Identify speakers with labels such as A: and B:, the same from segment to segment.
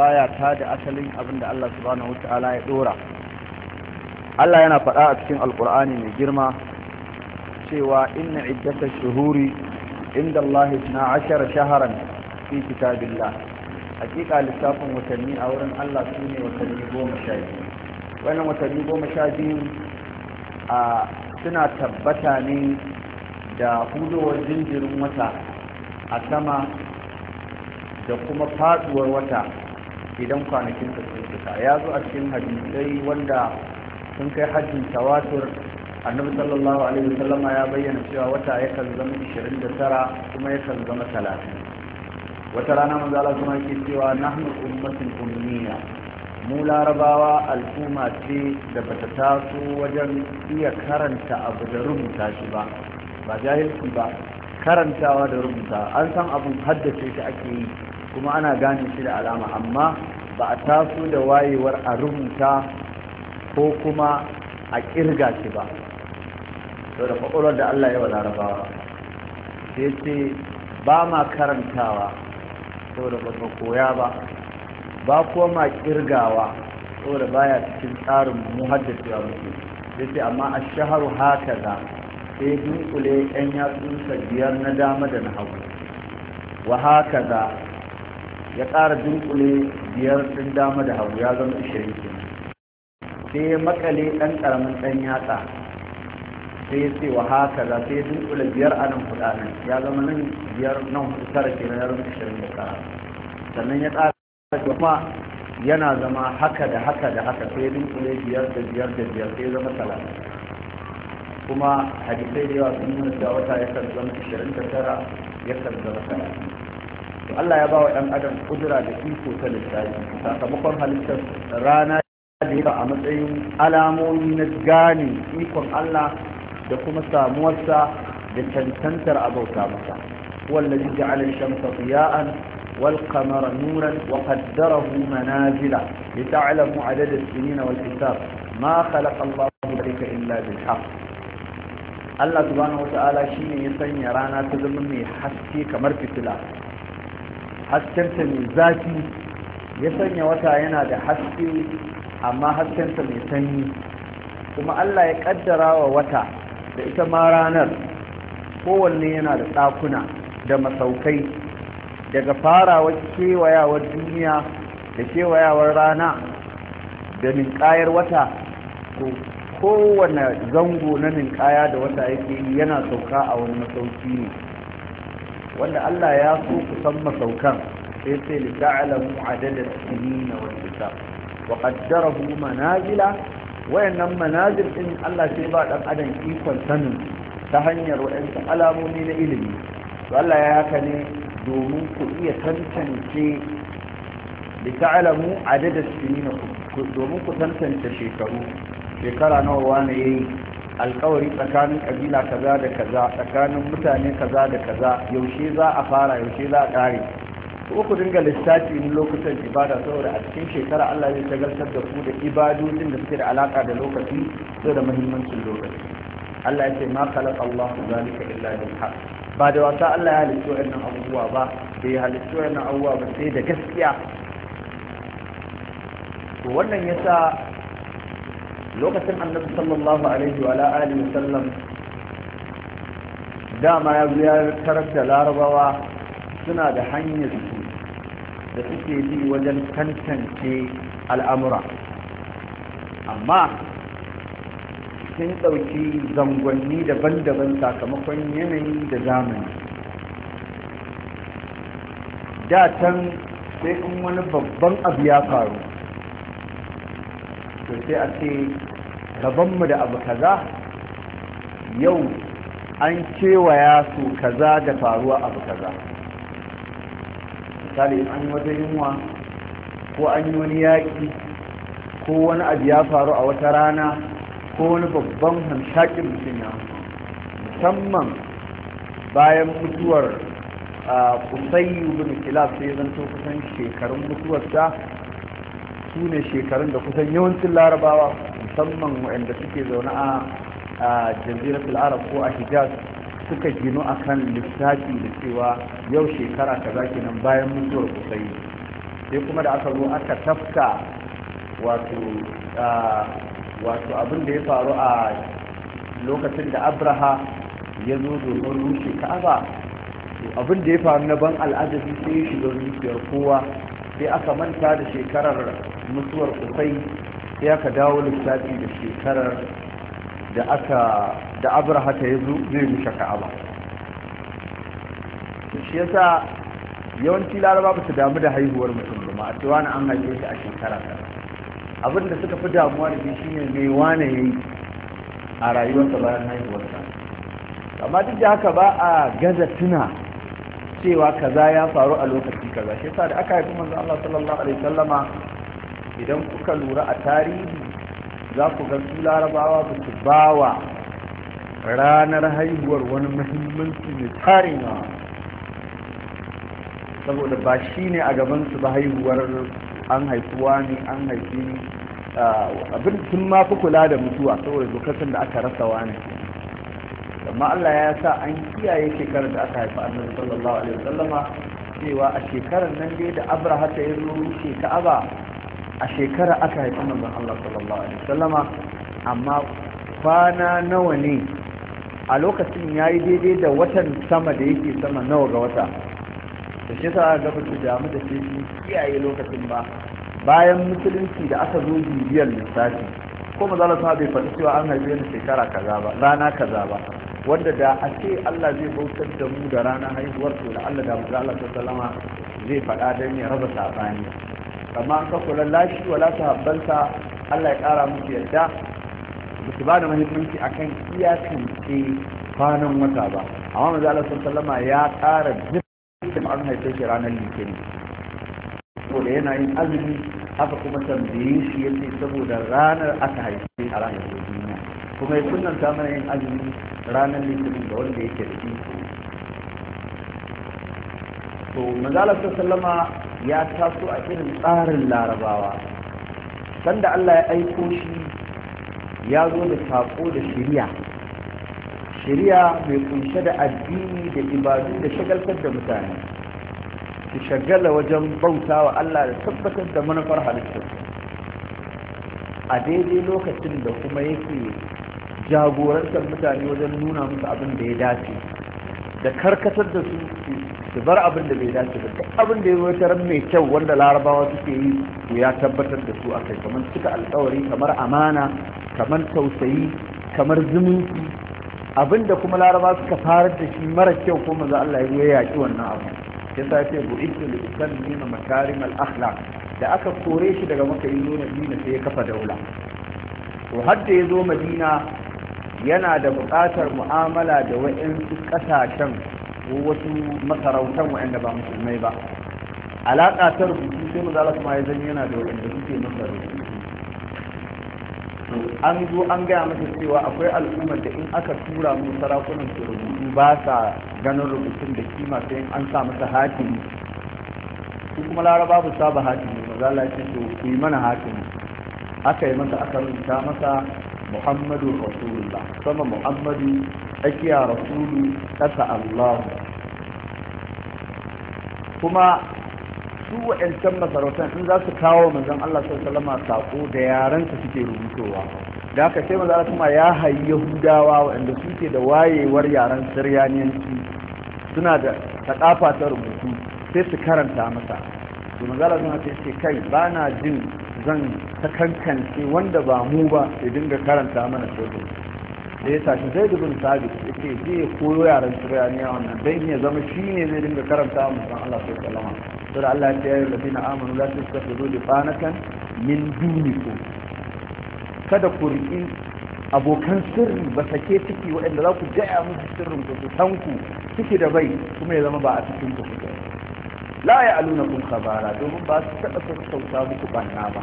A: baya ta da asalin abin da Allah subhanahu wata'ala ya dora Allah yana faɗa a cikin alkur'ani mai girma cewa inna iddata shuhuri inda Allah na ashara shaharan fi kitabillah hakika lissafin watanni a wurin Allah su ne watanni goma sha biyu wannan watanni goma sha biyu a suna tabbata ne da hudowar jinjirin wata a sama da kuma faduwar wata idan kwanakin ta sun fita ya zo a cikin hadisai wanda sun kai hajjin tawatur annabi sallallahu alaihi wasallama ya bayyana cewa wata yakan zama 29 kuma yakan zama 30 wata rana manzo Allah kuma yake cewa nahnu ummatin ummiya mu larabawa al'umma ce da bata taso wajen iya karanta abu da rubuta shi ba ba jahilci ba karantawa da rubuta an san abun haddace shi ake yi kuma ana gane shi da alama amma ba a taso da wayewar a rubuta ko kuma a kirga shi ba sau da da Allah yawa larabawa sai ce ba ma karantawa sau da ba koya ba ba kuwa ma kirgawa sau da baya cikin tsarin mu haddacewa muke sai ce amma a shaharu haka za sai dunkule 'yan yatsunsa biyar na dama da na hagu wa haka za ya ƙara dunkule biyar ɗin dama da hagu ya zama ishirin ke sai ya makale ɗan ƙaramin ɗan yatsa sai ya ce wa haka za sai ya dunkule biyar a nan kuɗa nan ya zama nan biyar nan hudu tara ke na yaron ishirin da ƙara sannan ya ƙara kuma yana zama haka da haka da haka sai ya dunkule biyar da biyar da biyar sai ya zama talatin kuma hadisai da yawa sun nuna cewa wata yakan zama ishirin da tara yakan zama talatin to Allah ya ba wa 'yan adam kudura da iko ta littafi sakamakon halittar rana da a matsayin alamomi na gane ikon Allah da kuma samuwarsa da cancantar abauta masa wanda ji ji alai shamsa tsiya'an wal kamar nuran wa kaddarahu manazila ya ta'alamu adadin sinina wal kitab ma illa bil haqq Allah subhanahu wa ta'ala shine ya sanya rana ta zama mai haske kamar fitila haskenta mai zafi ya sanya wata yana da haske amma haskenta mai sanyi kuma Allah ya kaddara wa wata da ita ma ranar kowanne yana da ɗakuna da masaukai daga farawar kewayawar duniya da kewayawar rana da ninkayar wata to kowane zango na ninkaya da wata yake yana sauka a wani masauki ne wanda Allah ya so ku san masaukan sai sai li ta'lamu adada sinina wal hisab wa qaddarahu manazila wayannan manazil din Allah sai ba dan adam ikon sanin ta hanyar wayansu alamomi na ilimi to Allah ya haka ne domin ku iya tantance li ta'lamu adada sinina domin ku tantance shekaru shekara nawa wane yayi alkawari tsakanin kabila kaza da kaza tsakanin mutane kaza da kaza yaushe za a fara yaushe za a kare ko ku dinga lissafi in lokutan ibada saboda a cikin shekara Allah zai tagartar da ku da ibadodin da suke da alaka da lokaci da muhimmancin lokaci Allah ya ce ma khalaqa Allah zalika illa bil haqq ba da wasa Allah ya halittu wannan abubuwa ba bai halittu wannan abubuwa ba sai da gaskiya to wannan yasa lokacin annabi sallallahu alaihi wa alihi dama ya ya tarar da larabawa suna da hanyar su da suke bi wajen tantance al'amura amma sun ɗauki zangonni daban-daban sakamakon yanayi da zamani datan sai in wani babban abu ya faru to sai a ce gabanmu da abu kaza yau an kewaya su kaza da faruwa abu kaza misali in an yi wata yunwa ko an yi wani yaƙi ko wani abu ya faru a wata rana ko wani babban hamshakin mutum ya musamman bayan mutuwar a ah, kusayi bin Kilab sai zanto kusan shekarun mutuwarsa su ne shekarun da kusan yawancin larabawa musamman waɗanda suke zaune a jaziratul arab ko a hijaz suka gino a kan lissafi da cewa yau shekara ka za nan bayan mutuwar kusai sai kuma da aka zo aka tafka wato abin da ya faru a lokacin da abraha ya zo domin rushe ka'aba abin da ya faru na ban al'adabi sai ya shiga zuciyar kowa sai aka manta da shekarar mutuwar kusai sai aka dawo lissafi da shekarar da aka da abraha ta zai shaka ka'aba shi yasa yawanci laraba ba su damu da haihuwar mutum ba a cewa an haife shi a shekara abin da suka fi damuwa da shi shine mai wane yi a rayuwarsa bayan haihuwarsa amma duk da haka ba a gaza tuna cewa kaza ya faru a lokaci kaza shi yasa da aka haifi manzo Allah sallallahu alaihi wasallama idan kuka lura a tarihi za ku ga su larabawa ba su bawa ranar haihuwar wani muhimmanci mai tarin saboda ba shi ne a gaban su ba haihuwar an haifuwa ne an haifi ah, abin sun ma fi kula da mutuwa saboda lokacin da aka rasa wani amma Allah ya sa an kiyaye shekarar da aka haifa annabi sallallahu alaihi wasallama cewa a shekarar nan dai da Abraha ta yi ke Ka'aba a shekara aka haifa manzon Allah sallallahu alaihi wasallama amma kwana nawa ne a lokacin ya yi daidai da watan sama da yake sama nawa ga wata da shi sa ga ba damu da shi kiyaye lokacin ba bayan musulunci da aka zo bibiyar lissafi ko mazalata bai faɗi cewa an haife ni shekara kaza ba rana kaza ba wanda da a ce Allah zai bautar da mu da ranar haihuwar to da Allah da mu Allah sallama zai faɗa dan ya raba sabani amma ka kula lashi wala sahabbansa Allah ya kara musu yadda ba su ba da mahimmanci akan iyakan ke kwanan wata ba amma manzo Allah sallama ya ƙara dukkan an haife shi ranar litinin ko da yana yin azumi haka kuma tambaye shi yace saboda ranar aka haife a ranar duniya kuma ya sunanta mana yin azumi ranar litinin da wanda yake da iko to manzala sallama ya taso a irin tsarin larabawa sanda Allah ya aiko shi ya zo da saƙo da shirya shirya mai kunshe da addini da ibadu da shagaltar da mutane su shagala wajen bauta wa Allah da tabbatar da manufar halittar a daidai lokacin da kuma yake jagorantar mutane wajen nuna musu abin da ya dace da karkatar da su su bar abin da bai dace ba duk abin da ya zo ta mai kyau wanda larabawa suke yi to ya tabbatar da su a kai kamar cika alkawari kamar amana kamar tausayi kamar zumunci abin da kuma larabawa suka farar da shi mara kyau ko maza Allah ya yaki wannan abu ya sa ce bu ikki li usalli makarim al akhlaq da aka kore shi daga maka nuna zo sai ya kafa daula to har da ya zo Madina yana da buƙatar mu'amala da wa'insu ƙasashen ko wasu masarautan wa'anda ba musulmai ba alaƙa ta rubutu sai mu zala kuma ya zan yana da wa'anda suke masa an zo an gaya masa cewa akwai al'ummar da in aka tura mu sarakunan su rubutu ba sa ganin rubutun da kima sai an sa masa hatimi su kuma laraba ba saba hatimi mu zala ce to ku yi mana hatimi aka yi masa aka rubuta masa muhammadu rasulullah sama muhammadu tsakiya rasulu ƙasa allahu kuma su wa'ancan masarautar in za su kawo mazan allah sallama saƙo da yarensa suke rubutowa da aka sai maza kuma ya hayi yahudawa waɗanda suke da wayewar yaren siryaniyanci suna da taƙafa ta rubutu sai su karanta masa to maza sun ce kai ba na jin zan ta takankance wanda ba mu ba ya dinga karanta mana sojin da ya tashi zai dubin sabit ya ke zai koyo yaran turaniya wannan don ya zama shi ne zai dinga karanta mu san allah sai kalama sura allah ta yi rafi na amonu za su kafa zo min duniku kada ku riƙi abokan sirri ba sake ciki waɗanda za ku jaya musu sirrin ku su tanku ciki da bai kuma ya zama ba a cikin ku la ya aluna kun kabara domin ba su taɓa sassauta muku banna ba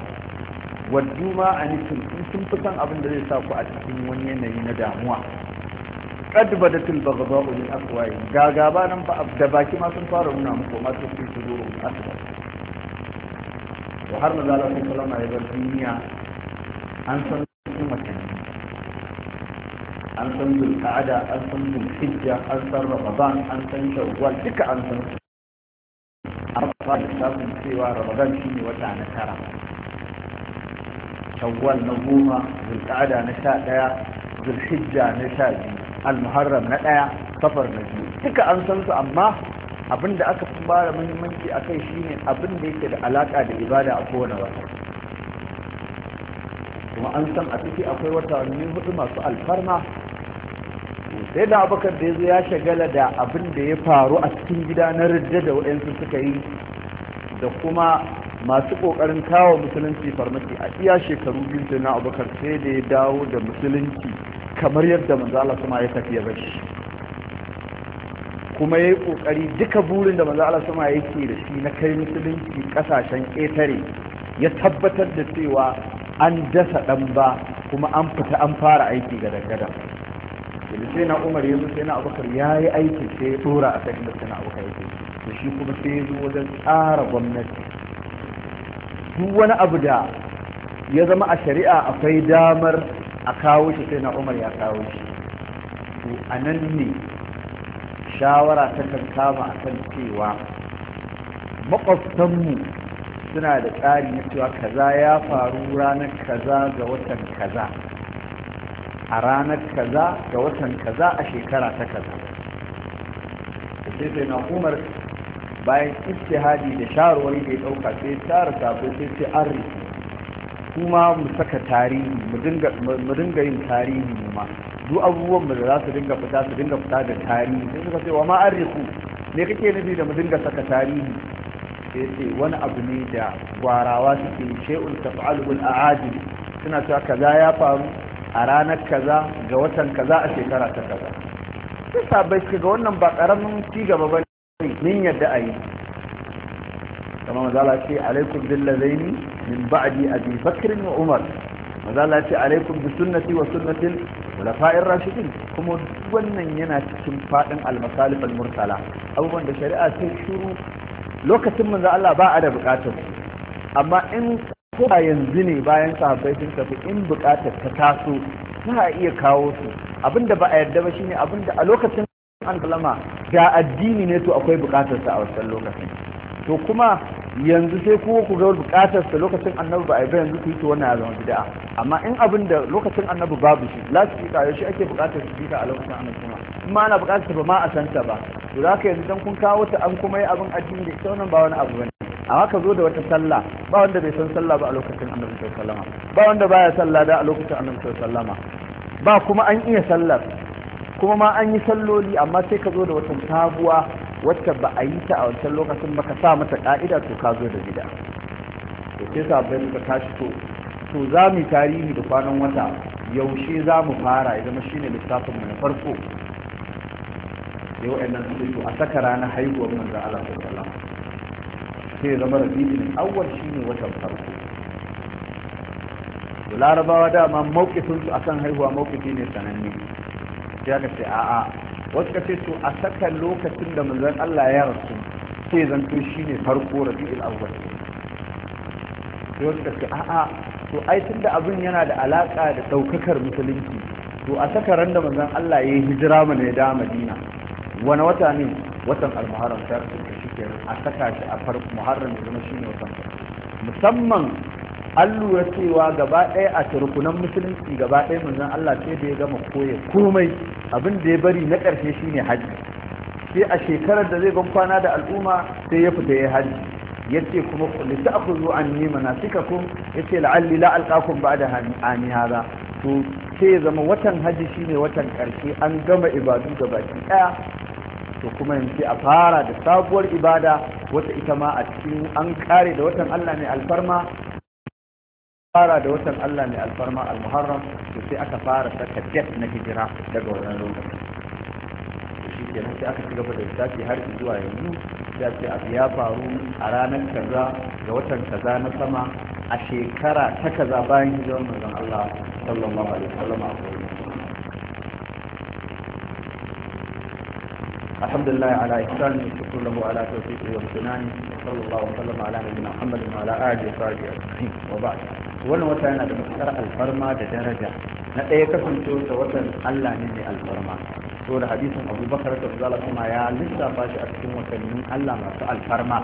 A: waddu ma a nufin sun fi san abin da zai sa ku a cikin wani yanayi na damuwa qad badatil baghdha'u min ne, ga gaba nan ba da baki ma sun fara nuna muku ma sun fi suduru asbar wa har maza Allah sallama ya bar duniya an san cikin watanni an san zulqa'ada an san zulhijja an san ramadan an san shawwal duka an san an fara samun cewa ramadan shi ne wata na tara shawwal na goma zulqa'ada na sha ɗaya zulhijja na sha biyu almuharram na ɗaya safar na biyu duka an san su amma abin da aka fi fara muhimmanci a kai shine abin da yake da alaƙa da ibada a kowane wata kuma an san a ciki akwai watanni hudu masu alfarma sai da abokan da ya zo ya shagala da abin da ya faru a cikin gida na ridda da waɗansu suka yi da kuma masu ƙoƙarin kawo musulunci farmaki a iya shekaru biyu da na abokan sai da ya dawo da musulunci kamar yadda manzo Allah kuma ya tafi ya bashi kuma ya yi ƙoƙari duka burin da manzo Allah ya yake da shi na kai musulunci ƙasashen ƙetare ya tabbatar da cewa an dasa ɗan ba kuma an fita an fara aiki ga dangadan da sai na umar ya zo sai na abubakar ya yi aiki sai ya tsora a kan da sai na abubakar yake to shi kuma sai ya zo wajen tsara gwamnati duk wani abu da ya zama a shari'a akwai damar a kawo shi sai na umar ya kawo shi to a nan ne shawara ta kan kama a kan cewa makwabtanmu suna da tsari na cewa kaza ya faru ranar kaza ga watan kaza a ranar kaza ga watan kaza a shekara ta kaza da sai sai na umar bayan istihadi da shawarwari da ya ɗauka sai tsara sabo sai sai an rufe kuma mu saka tarihi mu dinga yin tarihi mu ma duk abubuwan da za su dinga fita su dinga fita da tarihi sai suka ce wa ma an rufe ne kake nufi da mu dinga saka tarihi sai ce wani abu ne da gwarawa suke shay'un taf'alu al suna cewa kaza ya faru a ranar kaza ga watan kaza a shekara ta kaza sai sabai suka ga wannan ba karamin ci gaba ba ne min yadda a yi kama mazala ce alaikum Zaini, min ba'di abi bakr wa umar mazala ce alaikum bi sunnati wa sunnatil khulafa'ir rashidin kuma wannan yana cikin fadin al Murtala. abubuwan da shari'a sun shiru lokacin manzo Allah ba a da bukatar amma in ko a yanzu ne bayan sahabbai sun tafi in bukatar ta taso suna iya kawo su abinda ba a yarda ba shine abinda a lokacin an kalama da addini ne to akwai bukatar sa a wasan lokacin to kuma yanzu sai ko ku ga bukatar sa lokacin annabi ba a yi yanzu ku yi to wannan ya zama bid'a amma in abinda lokacin annabi babu shi yau yaushe ake bukatar su bika a lokacin annabi kuma in ma ana bukatar ba ma a santa ba to za ka yanzu dan kun kawo ta an kuma yi abin addini da ita wannan ba wani abu bane a haka zo da wata sallah ba wanda bai san sallah ba a lokacin annabi sallallahu alaihi ba wanda baya sallah da a lokacin annabi sallallahu alaihi ba kuma an iya sallar kuma ma an yi salloli amma sai ka zo da wata sabuwa wacce ba a yi ta a wancan lokacin ba ka sa mata ka'ida to ka zo da gida to sai sabbin ka tashi to to za mu tarihi da kwanan wata yaushe za mu fara ya zama shine littafin mu na farko sai wa'annan su to a saka ranar haihuwar manzan Allah sallallahu alaihi wasallam sai zama rabi'in awwal shine watan farko larabawa dama mawkifin su akan haihuwa mawkifi ne sananne ya ka ce a'a wasu ka ce a saka lokacin da manzon Allah ya rasu sai zanto shine farko rabi'ul awwal sai wasu ka ce a'a to ai tunda abin yana da alaka da daukakar musulunci to a saka ran da manzon Allah ya yi hijira mana ya da Madina wani wata ne watan al-Muharram ta a saka shi a farko muharram ya zama shine watan musamman an lura cewa gaba ɗaya a turkunan musulunci gaba ɗaya manzon Allah sai da ya gama koya komai abin da ya bari na ƙarshe shine hajji sai a shekarar da zai ban kwana da al'umma sai ya fita ya hajji yace kuma lissa aku zo an yi manasikakum yace la'alli la alqakum ba'da ani hada to sai ya zama watan hajji shine watan ƙarshe an gama ibadu gaba ɗaya to kuma yanzu a fara da sabuwar ibada wata ita ma a cikin an kare da watan Allah mai alfarma fara da watan Allah mai alfarma al-Muharram to sai aka fara saka date na hijira daga wannan lokacin shi kenan sai aka cigaba da littafi har zuwa yanzu ya ce abu ya faru a ranar kaza ga watan kaza na sama a shekara ta kaza bayan hijirar manzon Allah sallallahu alaihi wasallam الحمد لله على إحسانه وشكر له على توفيقه وامتنانه وصلى الله وسلم على نبينا محمد وعلى آله وصحبه أجمعين وبعد wannan wata yana da matuƙar alfarma da daraja na ɗaya da watan Allah ne mai alfarma to da hadisin abubakar da zala kuma ya lissafa shi a cikin watannin Allah masu alfarma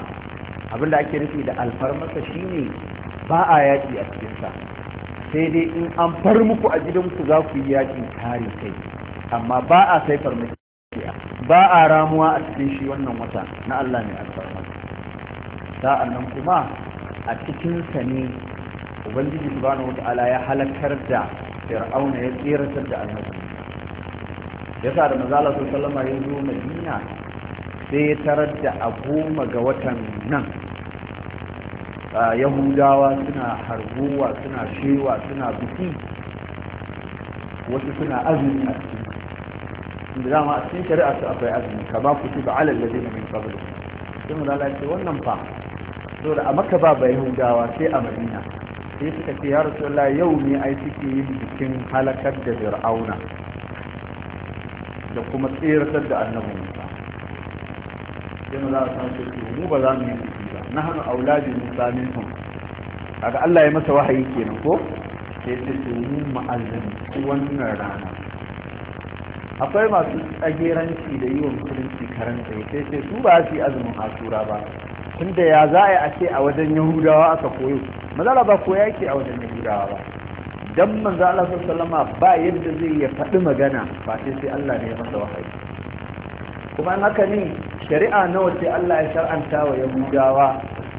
A: da ake nufi da alfarmasa shine ba a yaƙi a cikinsa sai dai in an far muku a gidanku za ku yi yaƙin kare kai amma ba a sai farmaki ba a ramuwa a cikin shi wannan wata na Allah ne alfarma sa'an nan kuma a cikin sa ne ubangiji subhanahu wata'ala ya halakar da fir'auna ya tsiratar da annabi yasa da manzo Allah sallallahu ya zo Madina sai ya tarar da a goma ga watan nan yahudawa suna harbuwa suna shewa suna biki wasu suna azumi a cikin da dama a cikin shari'a su akwai azumi kama ku ci ba alal ladina min qablu sai mu lalace wannan fa saboda a maka ba bai hudawa sai a madina sai suka ce ya rasulullah yau ne ai suke yin bikin halakar da fir'auna da kuma tsiratar da annabi musa sai mu za san su mu ba za mu yi biki ba na hannu auladi musa minhum kaga Allah ya masa wahayi kenan ko sai ce mu ma'azzin wannan rana akwai masu tsageranci da yi wa musulunci karanta sai sai su ba su yi azumin asura ba tunda ya za a ce a wajen yahudawa aka koyo mazala ba koya ke a wajen yahudawa ba dan manzo Allah sallallahu ba yadda zai ya faɗi magana ba sai sai Allah ne ya masa wahayi kuma an haka ne shari'a nawa ce Allah ya shar'anta wa yahudawa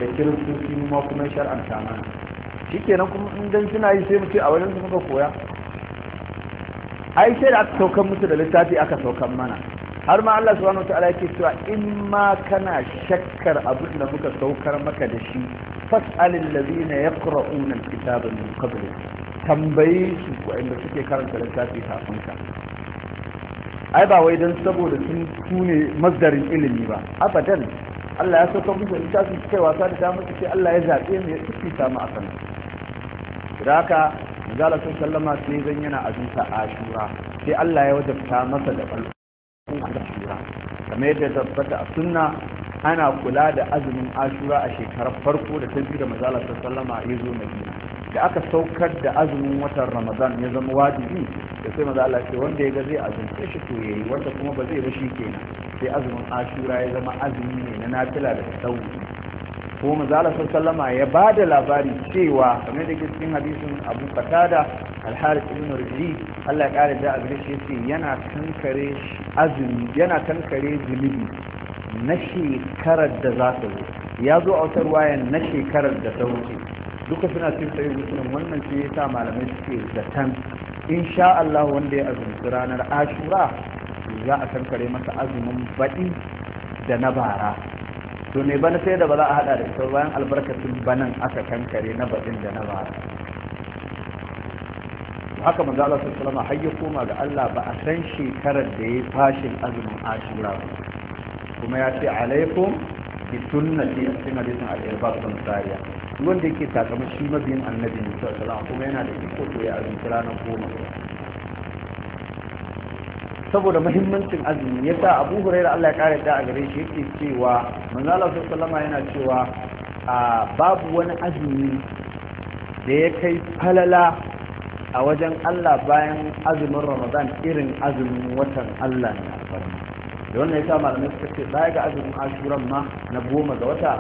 A: da kiristoci kuma kuma shar'anta mana shikenan kuma in suna yi sai mu ce a wajen su muka koya ai sai da aka saukan musu da littafi aka saukan mana har ma Allah subhanahu wataala yake cewa in ma kana shakkar abin da muka saukar maka da shi fas'alil ladina yaqra'una alkitaba min qabli tambayi su wanda suke karanta littafi kafin ka ai ba wai dan saboda sun tune masdarin ilimi ba abadan Allah ya saukar musu littafi kai wasa da ta musu sai Allah ya zabe mu ya tsifita mu akan haka zala sun sallama sai zan yana azuta shura sai Allah ya wajabta masa da a shura kamar yadda tabbata a sunna ana kula da azumin ashura a shekarar farko da ta biyu da mazala sun sallama ya zo gina da aka saukar da azumin watan ramadan ya zama wajibi da sai mazala ce wanda ya ga zai azumce shi to yayi wanda kuma ba zai ba shi kenan sai azumin ashura ya zama azumi ne na nafila da sauri. ko manzala sallama ya ba da labari cewa kamar da cikin hadisin abu qatada al-harith ibn Allah ya kare da abin shi ce yana tankare azumi yana tankare zunubi na shekarar da za ta zo ya zo a wutar wayan na shekarar da ta wuce duka suna cikin sayi musulun wannan ce ya sa malamai suke zaton insha Allah wanda ya azumci ranar ashura za a tankare masa azumin baɗi da na bara to me bana sai da ba za a hada da ita bayan albarkacin banan aka kankare na baɗin da na ba? haka manzo Allah sallallahu alaihi har ya koma ga Allah ba a san shekarar da yayi fashin azumin Ashura ba kuma ya ce alaikum bi sunnati a cikin al-Irbad bin Sariya wanda yake takamashi mabiyin annabi sallallahu alaihi kuma yana da iko to ya azumin ranar goma saboda mahimmancin azumi ya sa Abu hurairu Allah ya kare da a gare shi yake cewa manzala Allah salama yana cewa babu wani azumi da ya kai falala a wajen Allah bayan azumin Ramadan irin azumin watan Allah na alfarma da wannan sa malamai suka ce baya ga azumin Ashura ma na goma ga wata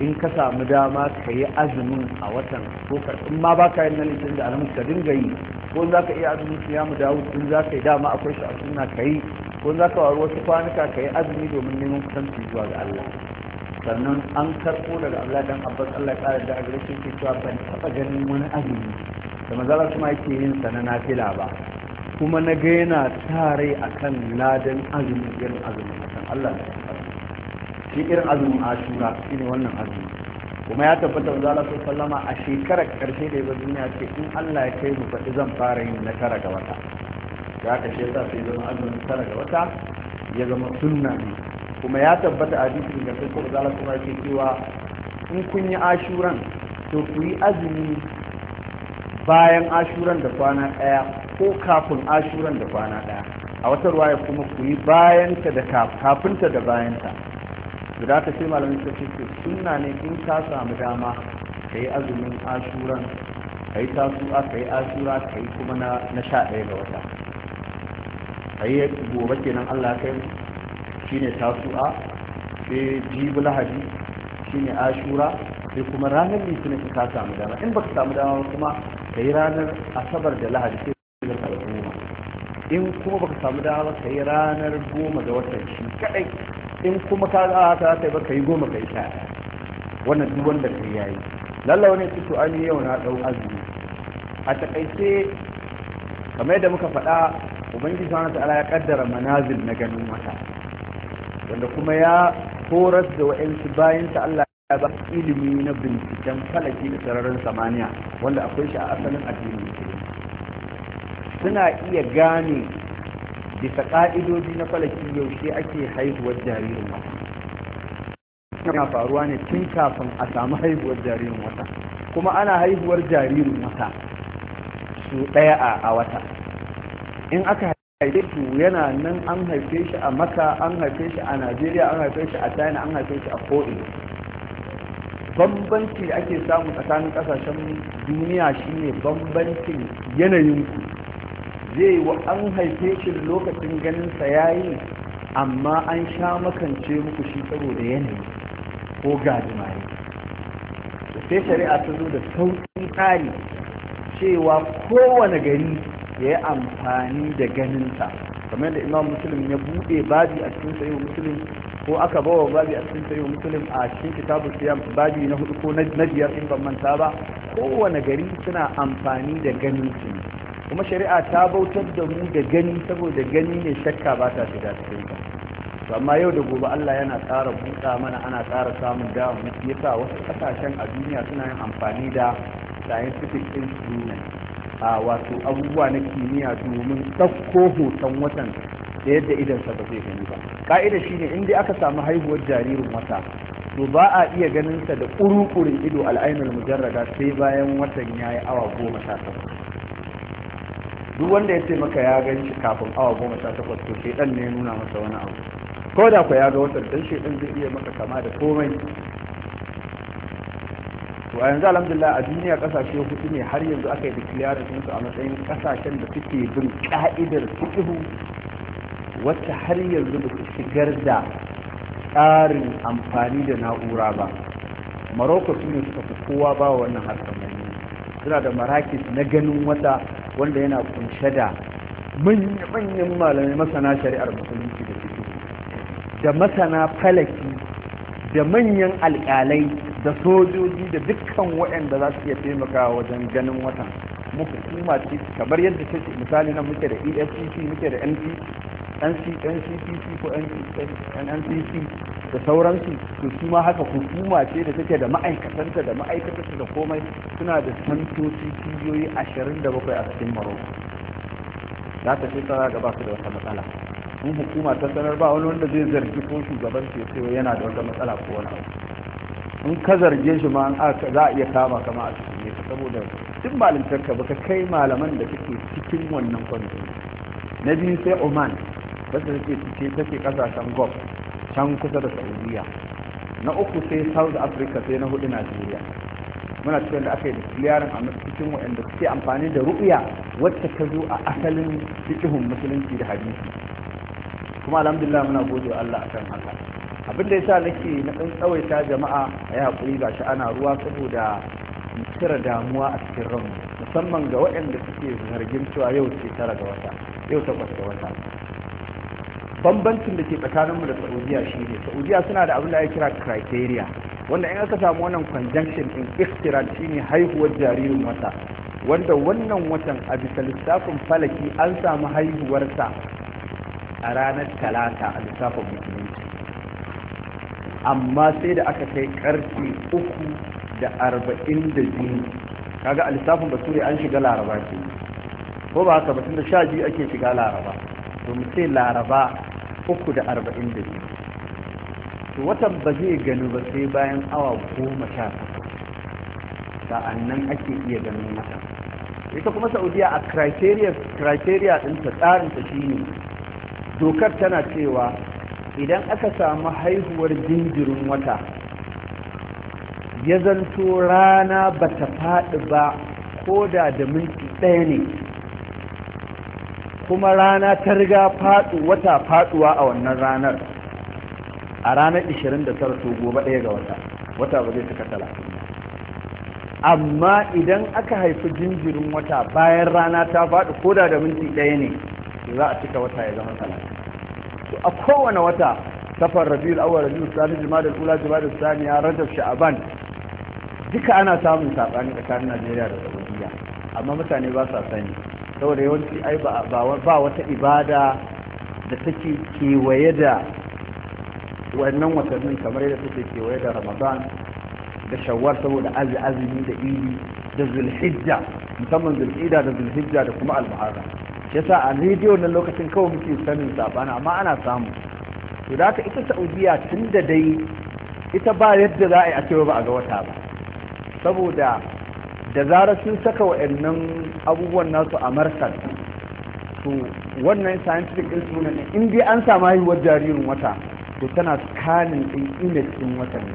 A: in ka samu dama ka yi azumin a watan ko in ma baka yin nan da alamu ka dinga yi ko za ka iya azumin da dawo in za ka yi dama akwai shi a suna ka yi ko za ka waru wasu kwanuka ka yi azumi domin neman kusanci zuwa ga Allah sannan an karko daga Allah dan Abbas Allah ya ƙara da agreshin ke cewa ban taɓa ganin wani azumi da manzala kuma yake yin sa na nafila ba kuma na ga yana tare akan ladan azumin irin azumin kan Allah shi irin azumin ashura shine wannan azumi kuma ya tabbata manzo Allah sallama a shekarar karshe da ya duniya ce in Allah ya kai mu faɗi zan fara yin na tara ga wata ya ka shi yasa sai zama azumin tara ga wata ya zama sunna ne kuma ya tabbata a hadisin da sai kuma zala kuma ake cewa in kun yi ashuran to ku yi azumi bayan ashuran da kwana ɗaya ko kafin ashuran da kwana ɗaya a wata ruwaya kuma ku yi bayanta da kafinta da bayanta da ta sai malamin ta ce suna ne in ka samu dama ka yi azumin ashuran ka yi tasu'a ka yi ashura ka yi kuma na sha ɗaya ga wata ka yi gobe kenan allah kai shine tasu'a sai jibi lahadi shine ashura sai kuma ranar litinin ka samu dama in ba ka samu dama kuma ka yi ranar asabar da lahadi sai ka al'umma in kuma baka samu dama ka yi ranar goma ga watan shi kadai in kuma ka ga ta kai ba kai goma kai sha wannan duk wanda kai yayi lalla wani su an yi yau na dau azumi a takaice kamar yadda muka faɗa ubangiji subhanahu ta'ala ya kaddara manazil na ganin wata wanda kuma ya horas da wa'ansu bayan ta Allah ya ba ilimi na binciken falaki da sararin samaniya wanda akwai shi a asalin addinin suna iya gane bisa ƙa'idodi na falaki yaushe ake haihuwar jaririn wata yana faruwa ne tun kafin a samu haihuwar jaririn wata kuma ana haihuwar jaririn wata su ɗaya a wata in aka haife su yana nan an haife shi a maka an haife shi a najeriya an haife shi a china an haife shi a ko'ina bambanci da ake samu tsakanin ƙasashen duniya shine bambancin yanayin ku zai wa an haife shi lokacin ganinsa sa yayi amma an sha makance muku shi saboda yanayi ko gajimare sai shari'a ta zo da sauƙin tsari cewa kowane gari ya yi amfani da ganinsa kamar da imam musulun ya buɗe babi a cikin sayo musulun ko aka bawa babi a cikin sayo musulun a cikin kitabu siyam babi na hudu ko na biyar in ban manta ba kowane gari suna amfani da ganin su kuma shari'a ta bautar da mu da gani saboda gani ne shakka ba ta shiga cikin ka amma yau da gobe Allah yana tsara buɗa mana ana tsara samun mu. yasa wasu kasashen a duniya suna yin amfani da scientific instrument a wato abubuwa na kimiyya domin ɗauko hoton watan da yadda sa ba zai gani ba ka'ida shine in dai aka samu haihuwar jaririn wata to ba a iya ganin sa da ƙuruƙurin ido al'ainul mujarrada sai bayan watan yayi awa goma sha takwas duk wanda ya ce maka ya gan shi kafin awa goma sha takwas to shaidan ne ya nuna masa wani abu ko da ku ya ga watan dan shaidan zai iya maka kama da komai to a yanzu alhamdulillah a duniya kasashe hudu ne har yanzu aka yi declare sun su a matsayin kasashen da suke bin ka'idar fiqhu wacce har yanzu ba su shigar da tsarin amfani da na'ura ba Morocco su ne suka fi kowa ba wannan harkar suna da marakis na ganin wata wanda yana kunshe da manyan malamai masana shari'ar musulunci da fito da masana falaki da manyan alƙalai da sojoji da dukkan waɗanda za su iya taimakawa wajen ganin watan mu hukuma ce kamar yadda ce misali nan muke da EFCC muke da NC ncc ko NCC da sauransu to su ma haka hukuma ce da take da ma'aikatanta da ma'aikatanta da komai suna da santoci cibiyoyi ashirin da bakwai a cikin maroko za ta ce tsara gaba su da wata matsala in hukuma ta sanar ba wani wanda zai zargi ko shugaban ce cewa yana da wata matsala ko wani abu in ka zarge shi ma za a iya kama kama a cikin ne saboda duk malamtar ka baka kai malaman da kake cikin wannan kwamitin na biyu sai oman wata take cike take kasashen gov can kusa da saudiya na uku sai south africa sai na hudu nigeria muna cikin da aka yi da kiliyarin a cikin waɗanda suke amfani da ru'uya wacce ta zo a asalin fiqhun musulunci da hadisi kuma alhamdulillah muna gode Allah akan haka abin da ya sa nake na dan tsawaita jama'a a hakuri shi ana ruwa saboda cire damuwa a cikin ranmu musamman ga waɗanda suke zargin cewa yau ce tara ga wata yau takwas ga wata bambancin da ke tsakaninmu da saudiya shi ne saudiya suna da abin da ya kira criteria wanda in aka samu wannan conjunction in iftiran shi ne haihuwar jaririn wata wanda wannan watan a bisa lissafin falaki an samu haihuwarsa a ranar talata a lissafin musulunci amma sai da aka kai karfe uku da arba'in da biyu kaga a lissafin bature an shiga laraba ke ko ba haka batun da sha biyu ake shiga laraba domin sai laraba uku da arba'in da biyu to watan ba zai gani ba sai bayan awa goma sha sa'an nan ake iya ganin wata ita kuma saudiya a criteria ɗinta tsarinta shine dokar tana cewa idan aka samu haihuwar jinjirin wata ya zanto rana ba ta faɗi ba ko da da minti ɗaya ne kuma rana ta riga faɗu wata faɗuwa a wannan ranar a ranar 29 to gobe ɗaya ga wata wata ba zai cika talatin amma idan aka haifi jinjirin wata bayan rana ta faɗi ko da da minti ɗaya ne za a cika wata ya zama talatin to a kowane wata safar rabiul awwal rabiul sani jimadul ula jimadul saniya rajab sha'aban duka ana samun sabani tsakanin Najeriya da Saudiya amma mutane ba sa sani saboda yawanci ai ba wata ibada da take kewaye da wannan watannin kamar yadda take kewaye da ramadan da shawar saboda azumi da iri da zulhijja musamman zulhijja da zulhijja da kuma al-muharram shi yasa a rediyo na lokacin kawai muke sanin sabana amma ana samu to da haka ita saudiya tun da dai ita ba yadda za a yi a cewa ba a ga wata ba saboda da zarar sun saka wa'annan abubuwan nasu a marsal to wannan scientific instrument in dai an samu haihuwar jaririn wata to tana scanning din image din wata ne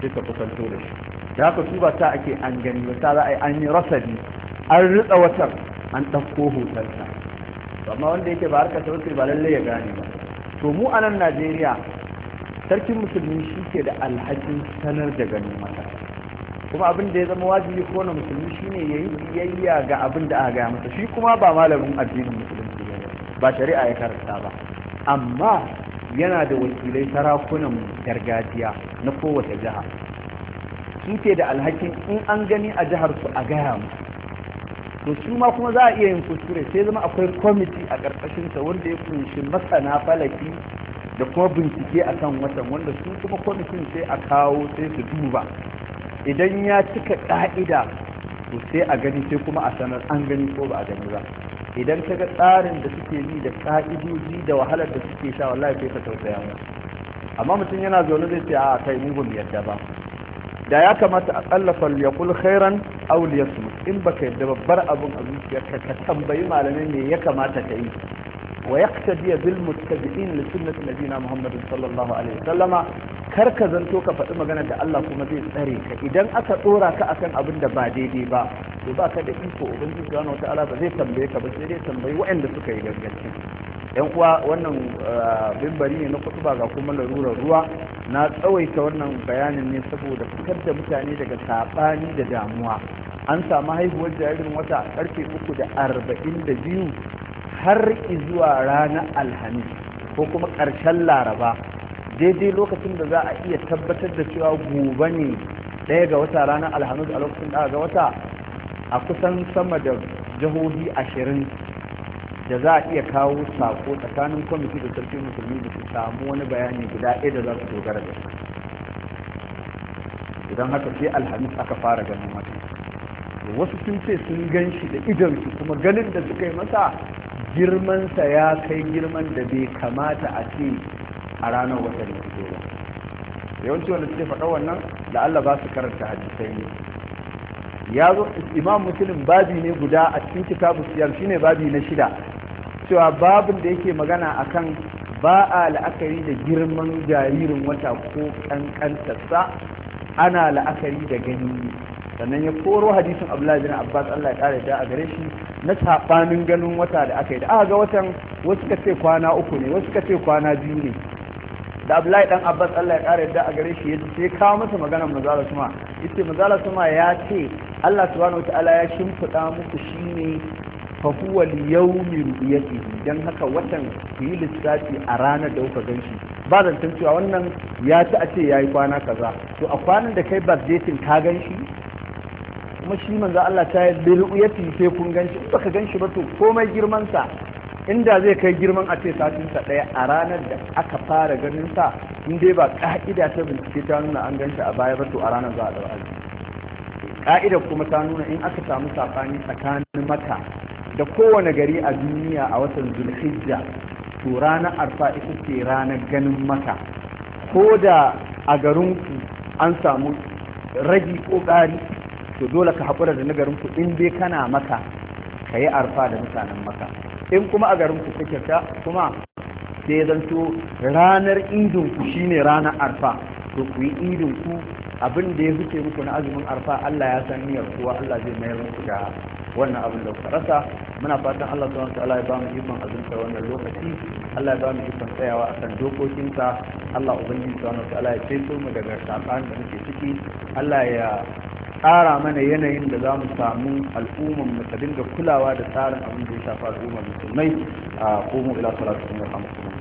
A: sai ta kusanto da shi da haka su ba ta ake an gani ba ta za a yi an yi rasadi an ritsa watan an ɗauko hotonsa amma wanda yake ba harkar sarki ba lallai ya gane ba to mu a nan najeriya sarkin musulmi shi ke da alhakin sanar da ganin wata. kuma abin da ya zama wajibi ko na musulmi shine yayi biyayya ga abin da aka gaya masa shi kuma ba malamin addinin musulunci ne ba shari'a ya karanta ba amma yana da wakilai sarakunan gargajiya na kowace jiha su da alhakin in an gani a jihar su a gaya musu to su ma kuma za a iya yin kuskure sai zama akwai kwamiti a sa wanda ya kunshi masana falaki da kuma bincike akan watan wanda su kuma kwamitin sai a kawo sai su duba idan ya cika ƙa'ida to sai a gani sai kuma a sanar an gani ko ba a gani ba idan ka ga tsarin da suke yi da ƙa'idoji da wahalar da suke sha wallahi sai ka tausaya mu amma mutum yana zaune zai ce a kai mu bamu yadda ba da ya kamata a tsallafa liyakul khairan aw liyasmut in baka yadda babbar abun a zuciyarka ka tambayi malamai me ya kamata ka yi ويقتدي بالمتبعين لسنة نبينا محمد صلى الله عليه وسلم kar ka zanto ka faɗi magana da Allah kuma zai tsare ka idan aka ɗora ka akan abin da ba daidai ba to ba ka da iko ubangiji wata ala ba zai tambaye ka ba sai dai tambayi waɗanda suka yi gangancin yan uwa wannan bimbari ah, ne na kutuba ga kuma larurar ruwa na tsawaita wannan bayanin ne saboda fitar da mutane daga saɓani da damuwa an samu haihuwar jaririn wata karfe uku da arba'in da biyu har izuwa ranar alhamis ko kuma ƙarshen laraba daidai lokacin da za a iya tabbatar da cewa gobe ne ɗaya ga wata ranar alhamis a lokacin ɗaya ga wata a kusan sama da jihohi ashirin da za a iya kawo sako tsakanin kwamiti da sarki musulmi da su samu wani bayani guda ɗaya da za su dogara da idan haka sai alhamis aka fara ganin masa wasu sun ce sun gan shi da idansu kuma ganin da suka yi masa girmansa ya kai girman da bai kamata a ce a ranar wata da fito ba yawanci wanda suke faɗa wannan Allah ba su karanta hadisai ne ya zo imam muslim babi ne guda a cikin kitabu siyar shine babi na shida cewa babin da yake magana akan ba a la'akari da girman jaririn wata ko kankantarsa ana la'akari da gani sannan ya koro hadisin abdullahi bin abbas allah ya kare da a gare shi na sabanin ganin wata da aka yi da aka ga watan wasu ka ce kwana uku ne wasu ka ce kwana biyu ne da Abdullahi dan Abbas Allah ya kare yadda a gare shi ya sai kawo masa magana mazala suma yace mazala suma ya ce Allah subhanahu wataala ya shimfuda muku shine fa huwa liyawmi ru'yatihi dan haka watan ku yi lissafi a ranar da kuka ganshi ba zancen cewa wannan ya ci a ce ya yi kwana kaza to a kwanan da kai detin ka ganshi kuma shi manzo Allah ta yi bi sai kun ganshi in baka ganshi ba to komai girmansa. inda zai kai girman a ce satinsa ɗaya a ranar da aka fara ganin sa in dai ba ka'ida ta bincike ta nuna an ganta a baya ba a ranar za a ɗaura ƙa'idar kuma ta nuna in aka samu saɓani tsakanin maka da kowane gari a duniya a watan zulhijja to ranar arfa ita ce ranar ganin maka ko da a garinku an samu ragi ko ƙari to dole ka haƙura da na ku in dai kana maka ka yi arfa da mutanen maka in kuma a garin ku suke ta kuma sai zanto ranar idin ku shine ranar arfa to ku yi idin ku abin da ya fice muku na azumin arfa Allah ya san niyyar kuwa Allah zai mayar muku da wannan abin da kuka rasa muna fatan Allah subhanahu wataala ya ba mu ikon azumta wannan lokaci Allah ya ba mu ikon tsayawa akan dokokinsa Allah ubangiji subhanahu ya ceto mu daga sabanin da muke ciki Allah tsara mana yanayin da za mu samu al'ummar mu ta dinga kulawa da tsarin abin da ya shafi al'ummar musulmai a komo ila salatu wa rahmatullahi